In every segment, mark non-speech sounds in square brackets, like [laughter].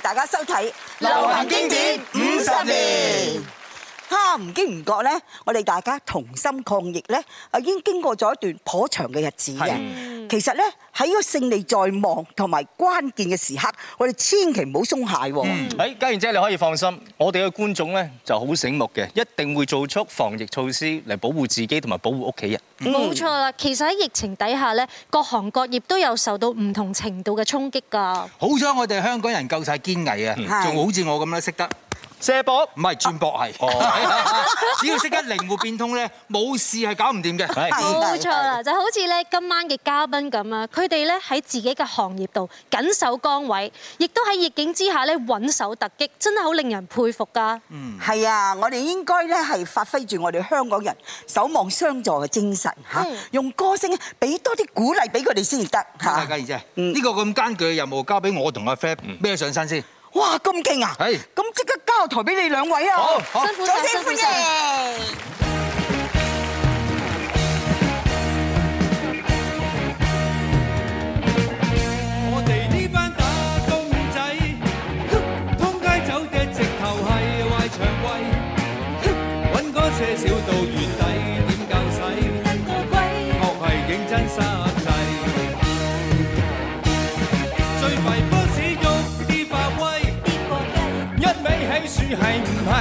大家收睇流行經典五十年，十年哈！唔經唔覺咧，我哋大家同心抗疫咧，已經經過咗一段頗長嘅日子嘅。其實咧，喺個勝利在望同埋關鍵嘅時刻，我哋千祈唔好鬆懈喎。誒、嗯，嘉儀姐你可以放心，我哋嘅觀眾咧就好醒目嘅，一定會做出防疫措施嚟保護自己同埋保護屋企人。冇、嗯、錯啦，其實喺疫情底下咧，各行各業都有受到唔同程度嘅衝擊㗎。好彩我哋香港人夠晒堅毅啊，仲好似我咁樣識得。射波唔係轉博係，只要識得靈活變通咧，冇事係搞唔掂嘅。冇錯啦，就好似咧今晚嘅嘉賓咁啊，佢哋咧喺自己嘅行業度緊守崗位，亦都喺逆境之下咧穩守突擊，真係好令人佩服㗎。嗯，係啊，我哋應該咧係發揮住我哋香港人守望相助嘅精神嚇，用歌聲俾多啲鼓勵俾佢哋先至得嚇。嘉儀姐，呢個咁艱巨嘅任務交俾我同阿 Fab 孭上身先。哇，咁勁啊！係是，咁即刻交台俾你兩位啊！好，好辛苦歡迎。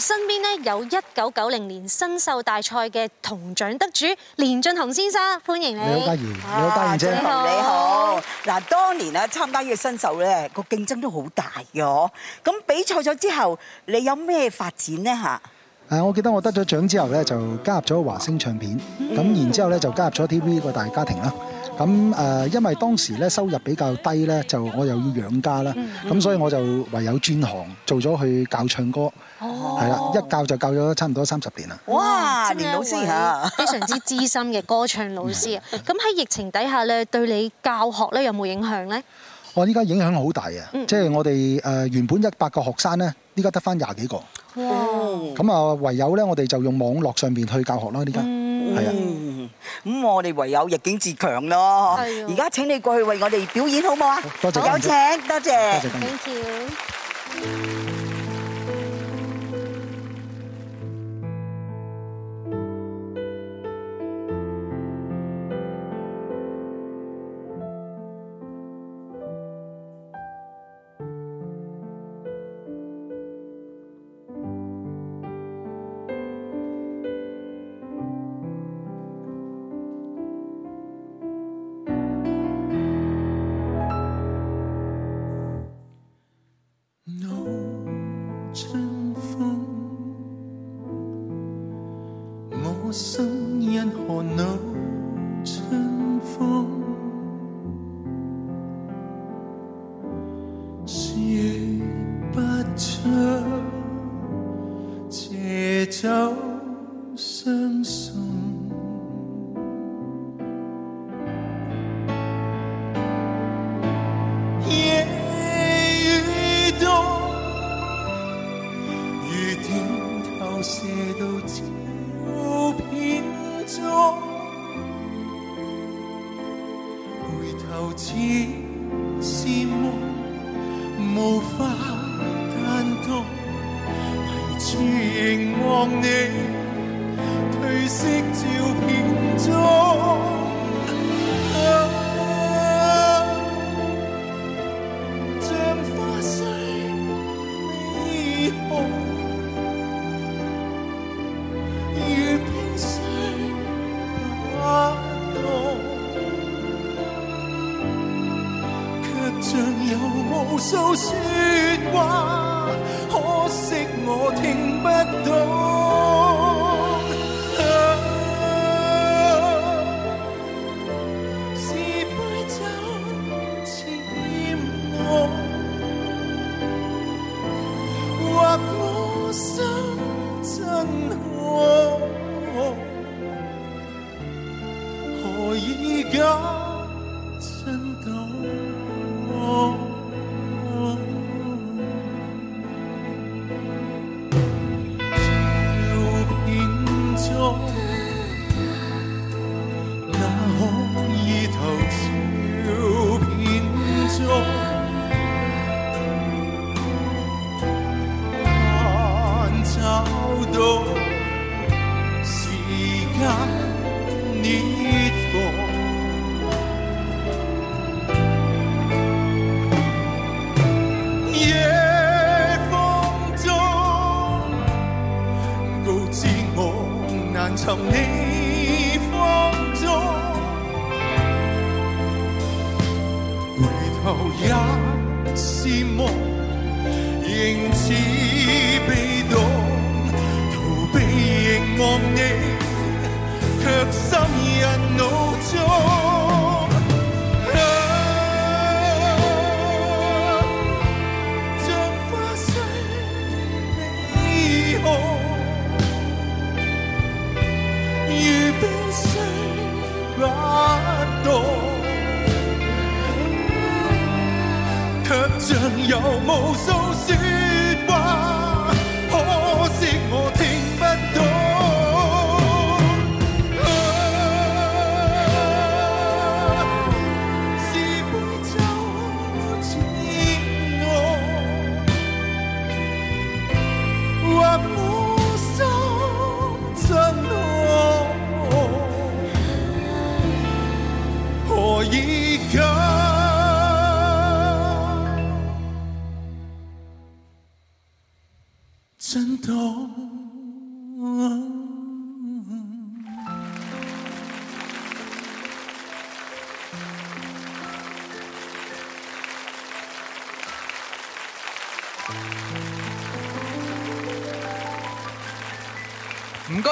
身邊咧有一九九零年新秀大賽嘅銅獎得主連俊雄先生，歡迎你。你好儀，嘉儀，啊。你好，嘉儀姐。你好。嗱，當年啊參加呢嘅新秀咧個競爭都好大嘅，咁比賽咗之後，你有咩發展呢？嚇？誒，我記得我得咗獎之後咧，就加入咗華星唱片，咁、嗯、然之後咧就加入咗 TV 個大家庭啦。咁誒、哦，因為當時咧收入比較低咧，就我又要養家啦，咁、嗯、所以我就唯有轉行做咗去教唱歌。哦，係啦，一教就教咗差唔多三十年啦。哇，連老師啊，非常之資深嘅歌唱老師啊。咁喺疫情底下咧，對你教學咧有冇影響咧？我依家影響好大啊！即係我哋誒原本一百個學生咧，依家得翻廿幾個。哇！咁啊，唯有咧我哋就用網絡上邊去教學啦。依家係啊，咁我哋唯有逆境自強咯。係。而家請你過去為我哋表演好冇啊？多謝有請，多謝。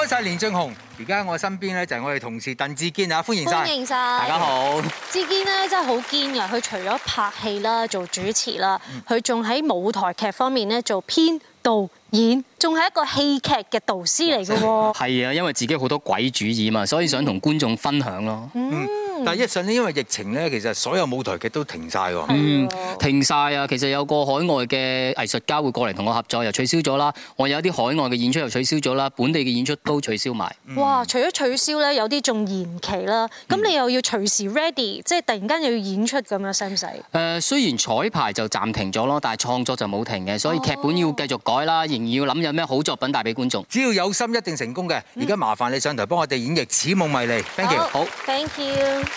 真係連俊雄，而家我身邊咧就係我哋同事鄧智堅啊！歡迎晒，歡迎。大家好。智堅咧真係好堅噶，佢除咗拍戲啦、做主持啦，佢仲喺舞台劇方面咧做編導演，仲係一個戲劇嘅導師嚟嘅喎。係啊， [laughs] 因為自己好多鬼主意嘛，所以想同觀眾分享咯。嗯。但係一上呢，因為疫情咧，其實所有舞台劇都停晒喎。吧嗯，停晒啊！其實有個海外嘅藝術家會過嚟同我合作，又取消咗啦。我有啲海外嘅演出又取消咗啦，本地嘅演出都取消埋。哇、嗯！除咗取消咧，有啲仲延期啦。咁、嗯、你又要隨時 ready，即係突然間又要演出咁樣，使唔使？誒，雖然彩排就暫停咗咯，但係創作就冇停嘅，所以劇本要繼續改啦，哦、仍然要諗有咩好作品帶俾觀眾。只要有心，一定成功嘅。而家麻煩你上台幫我哋演繹《此夢迷離》好。好 thank you。好。Thank you。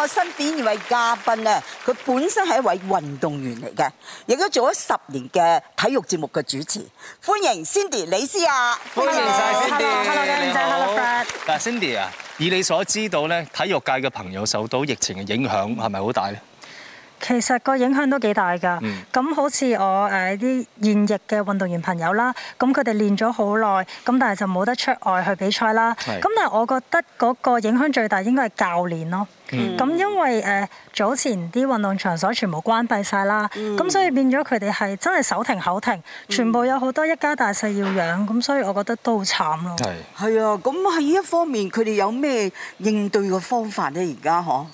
我身邊呢位嘉賓咧，佢本身係一位運動員嚟嘅，亦都做咗十年嘅體育節目嘅主持。歡迎 Cindy 李思雅，歡迎曬 Cindy。哈嘍，你好。嗱，Cindy 啊，以你所知道咧，體育界嘅朋友受到疫情嘅影響係咪好大咧？其實個影響都幾大㗎。咁、嗯、好似我誒啲現役嘅運動員朋友啦，咁佢哋練咗好耐，咁但係就冇得出外去比賽啦。咁是但係我覺得嗰個影響最大應該係教練咯。咁、嗯、因為誒早前啲運動場所全部關閉晒啦，咁、嗯、所以變咗佢哋係真係手停口停，嗯、全部有好多一家大細要養，咁所以我覺得都好慘咯。係啊，咁喺呢一方面，佢哋有咩應對嘅方法咧？而家呵？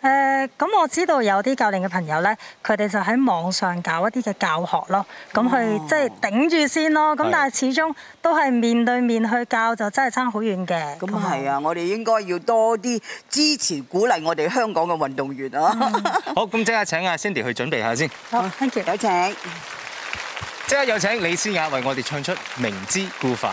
誒咁、呃、我知道有啲教練嘅朋友呢，佢哋就喺網上搞一啲嘅教學咯，咁去即係頂住先咯。咁但係始終都係面對面去教就真係差好遠嘅。咁係啊，我哋應該要多啲支持鼓勵我哋香港嘅運動員啊！好，咁即刻請阿 Cindy 去準備一下先。好，好，thank you，多謝。即刻有請李思雅為我哋唱出《明知故犯》。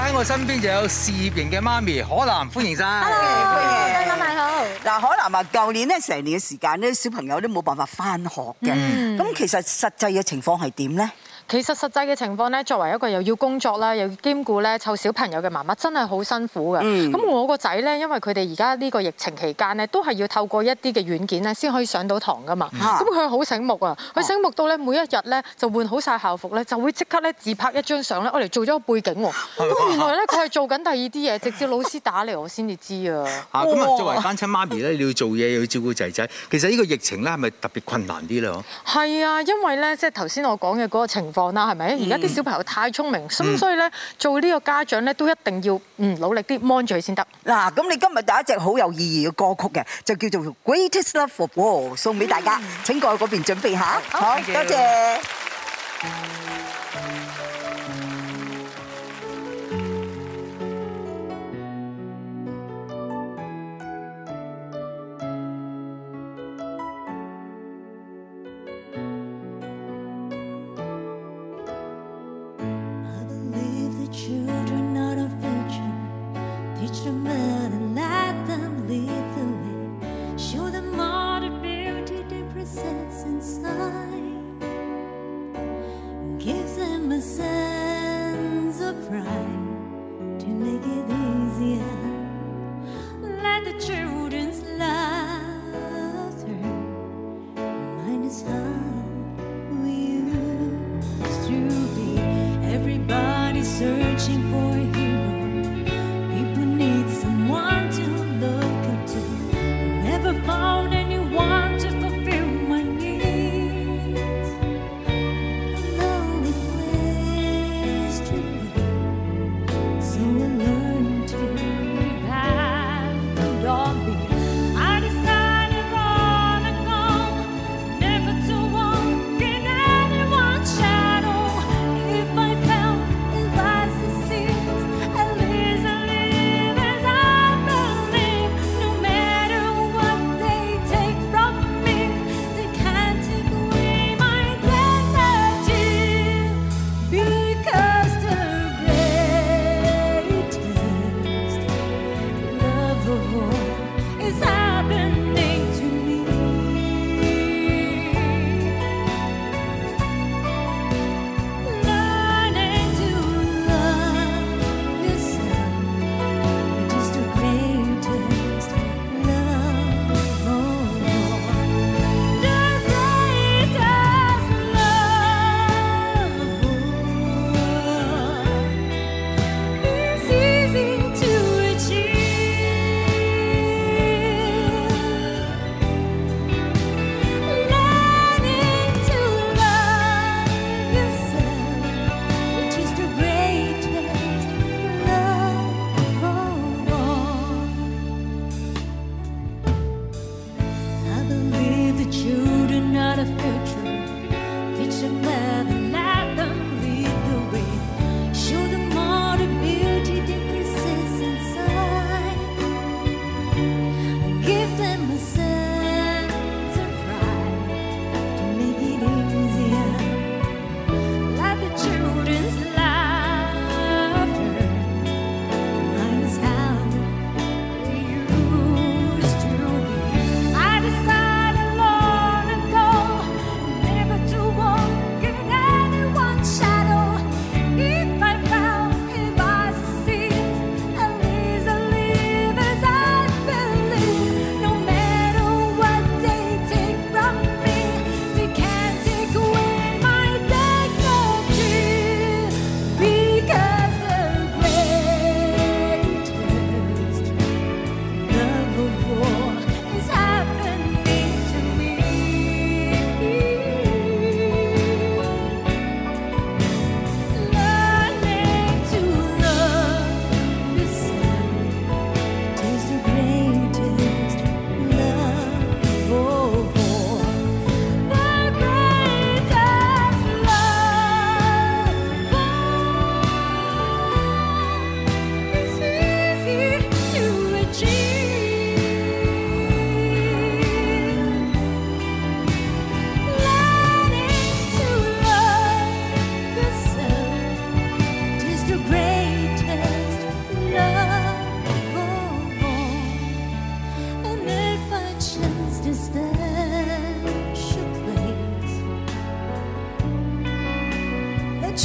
喺我身邊就有事業型嘅媽咪，可嵐，歡迎晒！Hello，好歡迎大家好。嗱，可嵐啊，舊年咧成年嘅時間咧，小朋友都冇辦法返學嘅。咁、嗯、其實實際嘅情況係點咧？其實實際嘅情況咧，作為一個又要工作啦，又要兼顧咧湊小朋友嘅媽媽，真係好辛苦嘅。咁、嗯、我個仔咧，因為佢哋而家呢個疫情期間咧，都係要透過一啲嘅軟件咧，先可以上到堂㗎嘛。咁佢好醒目啊！佢醒目到咧，每一日咧就換好晒校服咧，就會即刻咧自拍一張相咧，我嚟做咗個背景喎。咁、啊、原來咧佢係做緊第二啲嘢，啊、直接老師打嚟我先至知道啊。咁啊，作為單親媽咪咧，你要做嘢又要照顧仔仔，其實呢個疫情咧係咪特別困難啲咧？嗬。係啊，因為咧，即係頭先我講嘅嗰個情況。講啦，係咪？而家啲小朋友太聰明，咁、嗯、所以咧，做呢個家長咧都一定要嗯努力啲幫住佢先得。嗱，咁你今日第一隻好有意義嘅歌曲嘅，就叫做《Greatest Love of All》送俾大家。嗯、請過去嗰邊準備一下。好，多好謝，謝。謝謝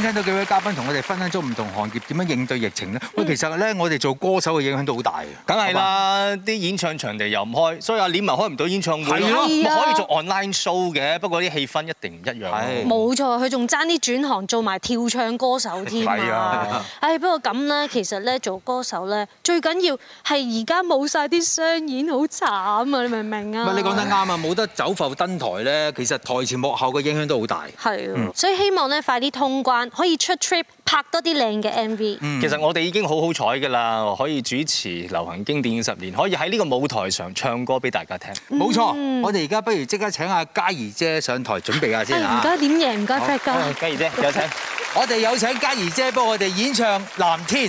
聽到幾位嘉賓同我哋分享咗唔同行業點樣應對疫情呢？喂，其實咧我哋做歌手嘅影響都好大嘅。梗係啦，啲演唱場地又唔開，所以阿連文開唔到演唱會係咯，可以做 online show 嘅，不過啲氣氛一定唔一樣。冇錯，佢仲爭啲轉行做埋跳唱歌手添。係啊，唉，不過咁咧，其實咧做歌手咧最緊要係而家冇晒啲商演，好慘啊！你明唔明啊？唔，你講得啱啊，冇得走埠登台咧，其實台前幕後嘅影響都好大。係，所以希望咧快啲通關。可以出 trip 拍多啲靚嘅 MV。嗯、其實我哋已經好好彩㗎啦，可以主持流行經典十年，可以喺呢個舞台上唱歌俾大家聽。冇錯，嗯、我哋而家不如即刻請阿嘉儀姐上台準備下先，唔該。而家點贏，唔該，Fat 哥。嘉儀好哥姐有請，我哋有請嘉儀姐幫我哋演唱《藍天》。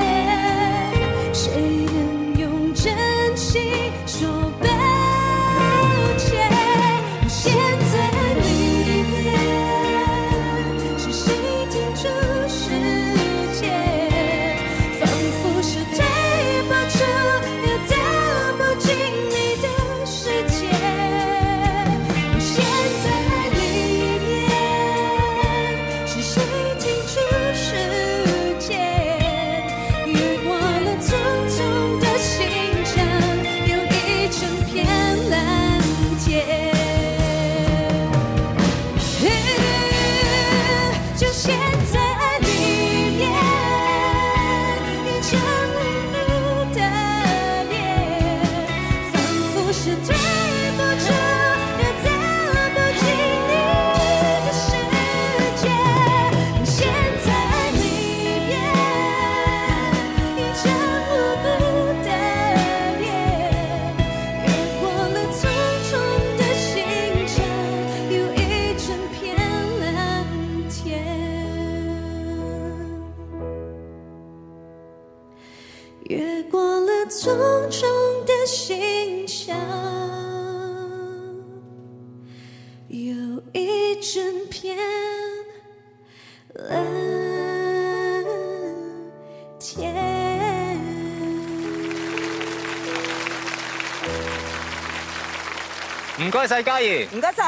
天唔該晒嘉儀，唔該晒。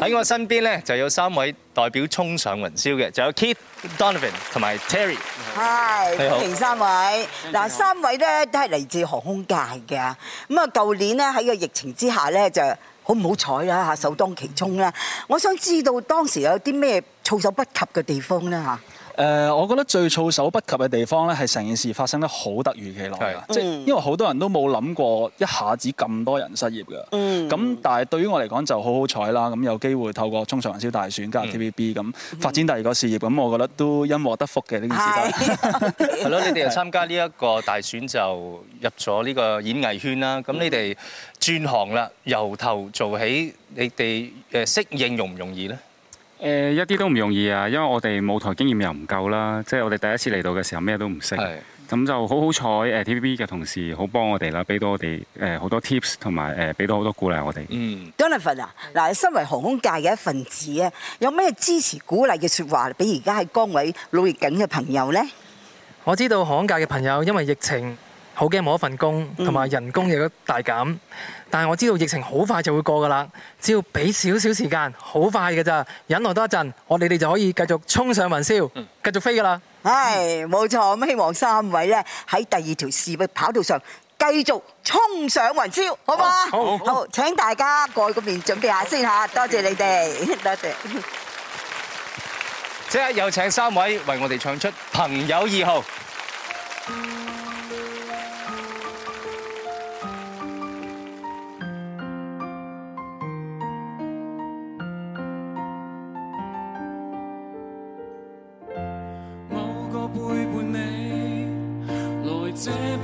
喺我身邊咧就有三位代表衝上雲霄嘅，就有 Keith、Donovan 同埋 Terry。係 Hi, 你好，三位。嗱，Hi. 三位咧都係嚟自航空界嘅。咁啊好，舊年咧喺個疫情之下咧就。好唔好彩啦，首當其衝啦！我想知道當時有啲咩措手不及嘅地方呢吓？誒、呃，我覺得最措手不及嘅地方咧，係成件事發生得好突如其來嘅，是即係因為好多人都冇諗過一下子咁多人失業嘅。咁、嗯、但係對於我嚟講就好好彩啦，咁有機會透過沖上雲霄大選加入 T V B 咁、嗯、發展第二個事業，咁、嗯、我覺得都因禍得福嘅呢是件事。係咯， [laughs] 你哋又參加呢一個大選就入咗呢個演藝圈啦。咁你哋轉行啦，由頭做起，你哋誒適應容唔容易呢？誒、呃，一啲都唔容易啊，因為我哋舞台經驗又唔夠啦，即係我哋第一次嚟到嘅時候咩都唔識，咁是的 就好好彩誒，TVB 嘅同事好幫我哋啦，俾到我哋誒好多 tips 同埋誒、呃、俾到好多鼓勵我哋。嗯，Jonathan 啊，嗱，身為航空界嘅一份子啊，有咩支持鼓勵嘅說話俾而家喺崗位努力緊嘅朋友呢？我知道航空界嘅朋友因為疫情，好驚冇一份工，同埋人工亦都大減。嗯、但我知道疫情好快就會過噶啦，只要俾少少時間，好快噶咋。忍耐多一陣，我哋哋就可以繼續衝上雲霄，嗯、繼續飛噶啦。唉，冇錯，咁希望三位呢喺第二條示頻跑道上繼續衝上雲霄，好嗎？好，好，好，好，好，請大家過去嗰邊準備下先下，好多謝你哋，多謝。即謝謝刻有請三位為我哋唱出《朋友二號》嗯。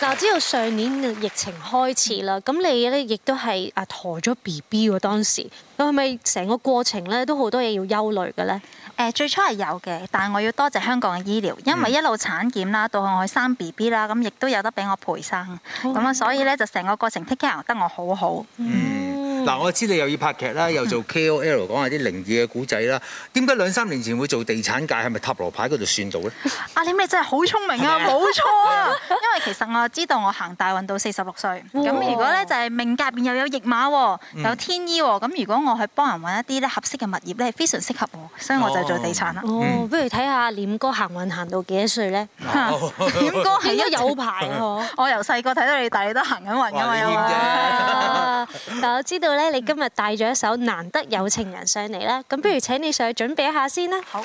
嗱，知道上年嘅疫情開始啦，咁你咧亦都係啊陀咗 BB 喎，當時，咁係咪成個過程咧都好多嘢要憂慮嘅咧？誒最初係有嘅，但係我要多謝香港嘅醫療，因為一路產檢啦，到我去生 B B 啦，咁亦都有得俾我陪生，咁啊、哦，所以咧就成個過程、嗯、take care 我得我好好。嗱、嗯，我知道你又要拍劇啦，嗯、又做 K O L 講下啲靈異嘅古仔啦，點解兩三年前會做地產界係咪塔羅牌嗰度算到呢？啊，廉你真係好聰明啊，冇錯啊， [laughs] 因為其實我知道我行大運到四十六歲，咁、哦、如果咧就係命格入邊又有驛馬喎，有天醫喎，咁、嗯、如果我去幫人揾一啲咧合適嘅物業咧，係非常適合我，所以我就、哦。做地產啦，嗯、哦，不如睇下連哥行運行到幾多歲咧？哦、 [laughs] 連哥係一有排嗬， [laughs] 我由細個睇到你大，你都行緊運噶嘛。吧 [laughs] 但我知道咧，你今日帶咗一首《難得有情人》上嚟啦，咁不如請你上去準備一下先啦。好。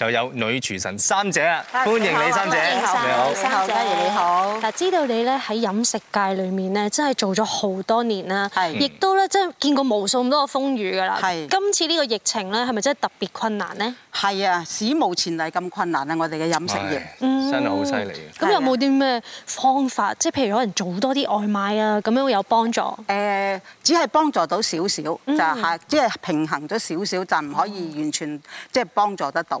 就有女廚神三姐啊，歡迎你三姐，你好，三姐你好。嗱，知道你咧喺飲食界裏面咧，真係做咗好多年啦，係，亦都咧真係見過無數咁多個風雨㗎啦。係。今次呢個疫情咧，係咪真係特別困難呢？係啊，史無前例咁困難啊！我哋嘅飲食業，真係好犀利。咁有冇啲咩方法？即係譬如可能做多啲外賣啊，咁樣會有幫助？誒，只係幫助到少少，就係只係平衡咗少少，就唔可以完全即係幫助得到。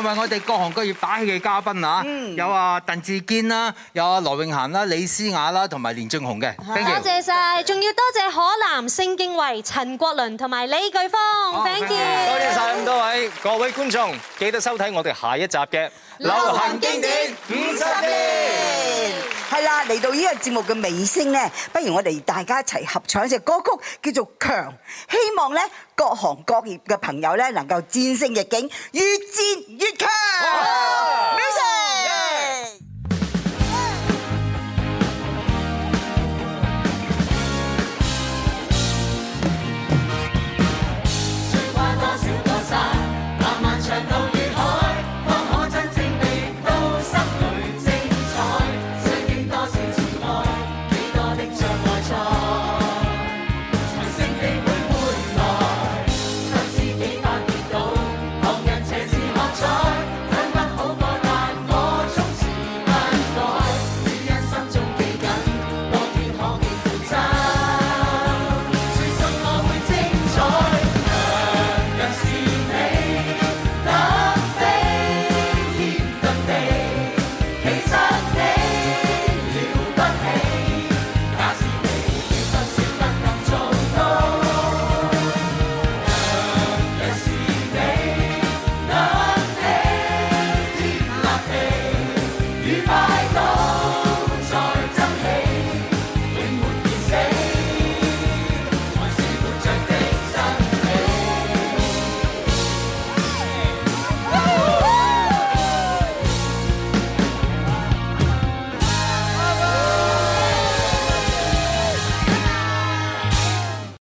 係咪我哋各行各業打氣嘅嘉賓啊、嗯？有啊，鄧智堅啦，有啊，羅泳嫻啦，李思雅啦，同埋連俊雄嘅。多謝晒，仲要多謝可嵐、盛勁為、陳國麟同埋李鉅峰。Thank you，多謝晒咁多位，各位觀眾記得收睇我哋下一集嘅《流行經典五十年》。係啦，嚟到呢個節目嘅尾聲咧，不如我哋大家一齊合唱一隻歌曲，叫做《強》，希望咧，各行各業嘅朋友咧，能夠戰勝逆境，越戰越。